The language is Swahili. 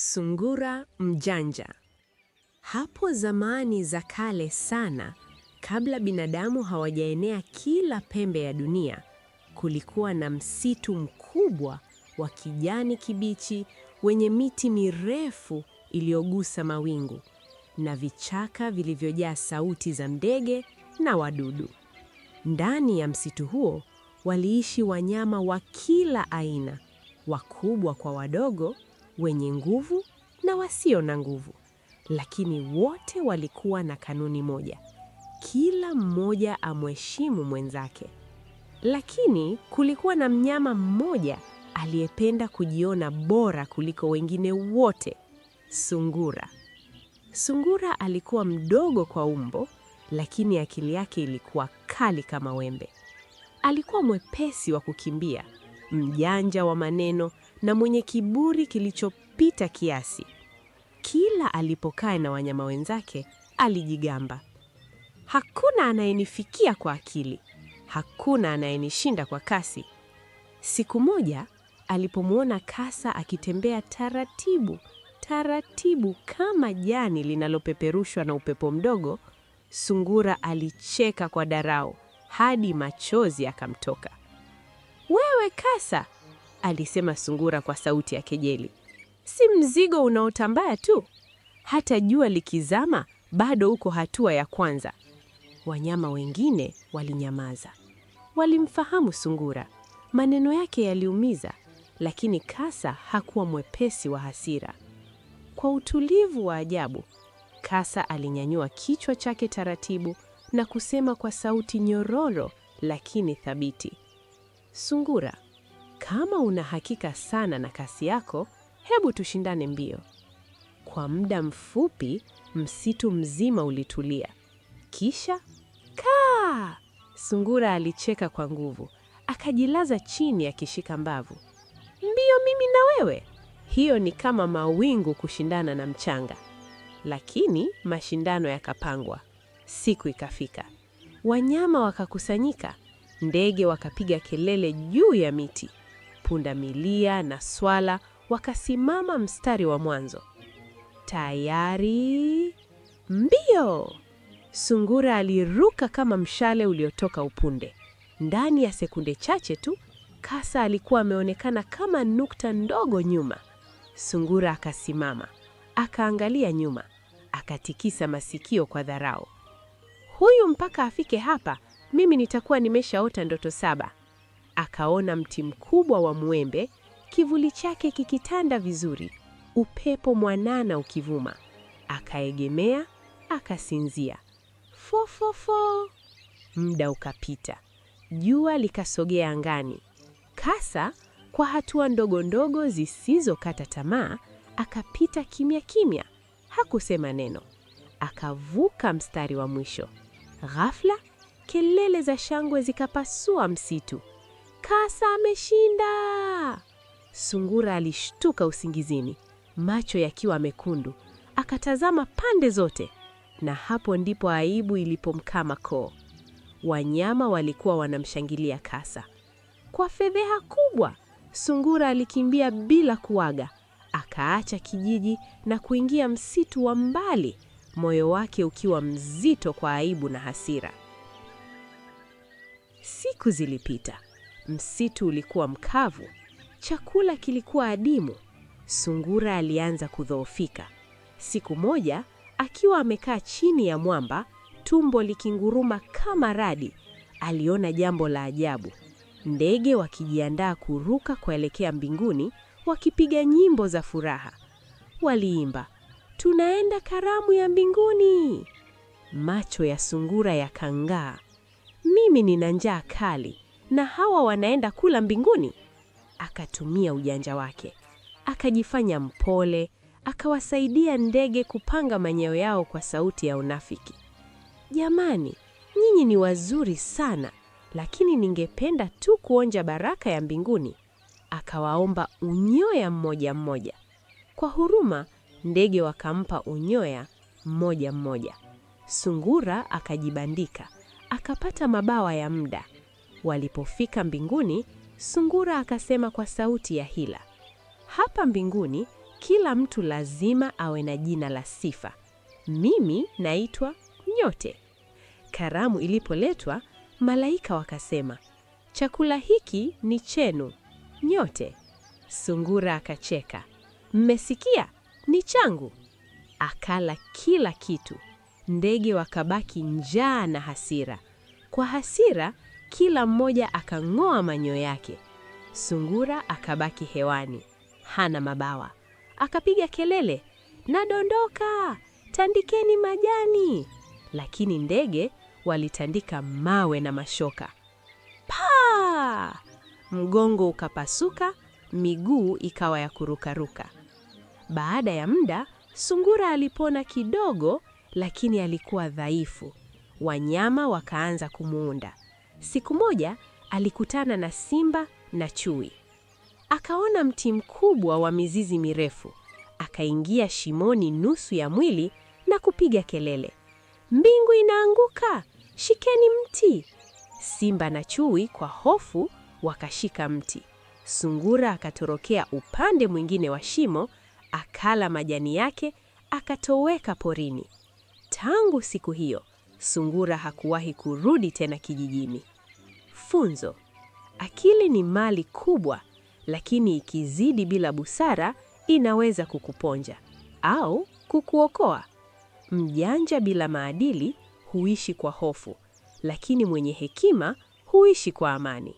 Sungura mjanja. Hapo zamani za kale sana, kabla binadamu hawajaenea kila pembe ya dunia, kulikuwa na msitu mkubwa wa kijani kibichi wenye miti mirefu iliyogusa mawingu na vichaka vilivyojaa sauti za ndege na wadudu. Ndani ya msitu huo waliishi wanyama wa kila aina, wakubwa kwa wadogo wenye nguvu na wasio na nguvu, lakini wote walikuwa na kanuni moja: kila mmoja amheshimu mwenzake. Lakini kulikuwa na mnyama mmoja aliyependa kujiona bora kuliko wengine wote, sungura. Sungura alikuwa mdogo kwa umbo, lakini akili yake ilikuwa kali kama wembe. Alikuwa mwepesi wa kukimbia, mjanja wa maneno na mwenye kiburi kilichopita kiasi. Kila alipokaa na wanyama wenzake alijigamba, hakuna anayenifikia kwa akili, hakuna anayenishinda kwa kasi. Siku moja alipomwona kasa akitembea taratibu taratibu kama jani linalopeperushwa na upepo mdogo, sungura alicheka kwa darau hadi machozi akamtoka. Wewe kasa, alisema sungura kwa sauti ya kejeli. Si mzigo unaotambaa tu, hata jua likizama bado uko hatua ya kwanza. Wanyama wengine walinyamaza, walimfahamu sungura. Maneno yake yaliumiza, lakini kasa hakuwa mwepesi wa hasira. Kwa utulivu wa ajabu, kasa alinyanyua kichwa chake taratibu na kusema kwa sauti nyororo lakini thabiti, Sungura, kama unahakika sana na kasi yako, hebu tushindane mbio. Kwa muda mfupi, msitu mzima ulitulia. Kisha kaa! Sungura alicheka kwa nguvu, akajilaza chini akishika mbavu. Mbio mimi na wewe? Hiyo ni kama mawingu kushindana na mchanga. Lakini mashindano yakapangwa. Siku ikafika, wanyama wakakusanyika, ndege wakapiga kelele juu ya miti, punda milia na swala wakasimama mstari wa mwanzo. Tayari, mbio! Sungura aliruka kama mshale uliotoka upunde. Ndani ya sekunde chache tu, kasa alikuwa ameonekana kama nukta ndogo nyuma. Sungura akasimama, akaangalia nyuma, akatikisa masikio kwa dharau. Huyu mpaka afike hapa, mimi nitakuwa nimeshaota ndoto saba. Akaona mti mkubwa wa mwembe, kivuli chake kikitanda vizuri, upepo mwanana ukivuma. Akaegemea, akasinzia. Fofofo! Muda ukapita, jua likasogea angani. Kasa kwa hatua ndogo ndogo zisizokata tamaa akapita kimya kimya, hakusema neno. Akavuka mstari wa mwisho. Ghafla kelele za shangwe zikapasua msitu. Kasa ameshinda! Sungura alishtuka usingizini, macho yakiwa mekundu, akatazama pande zote, na hapo ndipo aibu ilipomkama koo. Wanyama walikuwa wanamshangilia kasa kwa fedheha kubwa. Sungura alikimbia bila kuaga, akaacha kijiji na kuingia msitu wa mbali, moyo wake ukiwa mzito kwa aibu na hasira. Siku zilipita. Msitu ulikuwa mkavu, chakula kilikuwa adimu. Sungura alianza kudhoofika. Siku moja akiwa amekaa chini ya mwamba, tumbo likinguruma kama radi, aliona jambo la ajabu: ndege wakijiandaa kuruka kuelekea mbinguni, wakipiga nyimbo za furaha. Waliimba, tunaenda karamu ya mbinguni. Macho ya sungura yakang'aa. Mimi nina njaa kali, na hawa wanaenda kula mbinguni. Akatumia ujanja wake, akajifanya mpole, akawasaidia ndege kupanga manyeo yao kwa sauti ya unafiki. Jamani, nyinyi ni wazuri sana, lakini ningependa tu kuonja baraka ya mbinguni. Akawaomba unyoya mmoja mmoja. Kwa huruma, ndege wakampa unyoya mmoja mmoja. Sungura akajibandika, akapata mabawa ya muda. Walipofika mbinguni, Sungura akasema kwa sauti ya hila, hapa mbinguni kila mtu lazima awe na jina la sifa. Mimi naitwa nyote. Karamu ilipoletwa, malaika wakasema, chakula hiki ni chenu nyote. Sungura akacheka, mmesikia? Ni changu. Akala kila kitu. Ndege wakabaki njaa na hasira. Kwa hasira kila mmoja akang'oa manyo yake. Sungura akabaki hewani, hana mabawa. Akapiga kelele, nadondoka, tandikeni majani. Lakini ndege walitandika mawe na mashoka. Paa! Mgongo ukapasuka, miguu ikawa ya kurukaruka. Baada ya muda, sungura alipona kidogo, lakini alikuwa dhaifu. Wanyama wakaanza kumuunda. Siku moja alikutana na simba na chui. Akaona mti mkubwa wa mizizi mirefu, akaingia shimoni nusu ya mwili na kupiga kelele, mbingu inaanguka, shikeni mti! Simba na chui kwa hofu wakashika mti. Sungura akatorokea upande mwingine wa shimo, akala majani yake, akatoweka porini. Tangu siku hiyo Sungura hakuwahi kurudi tena kijijini. Funzo: akili ni mali kubwa, lakini ikizidi bila busara inaweza kukuponja au kukuokoa. Mjanja bila maadili huishi kwa hofu, lakini mwenye hekima huishi kwa amani.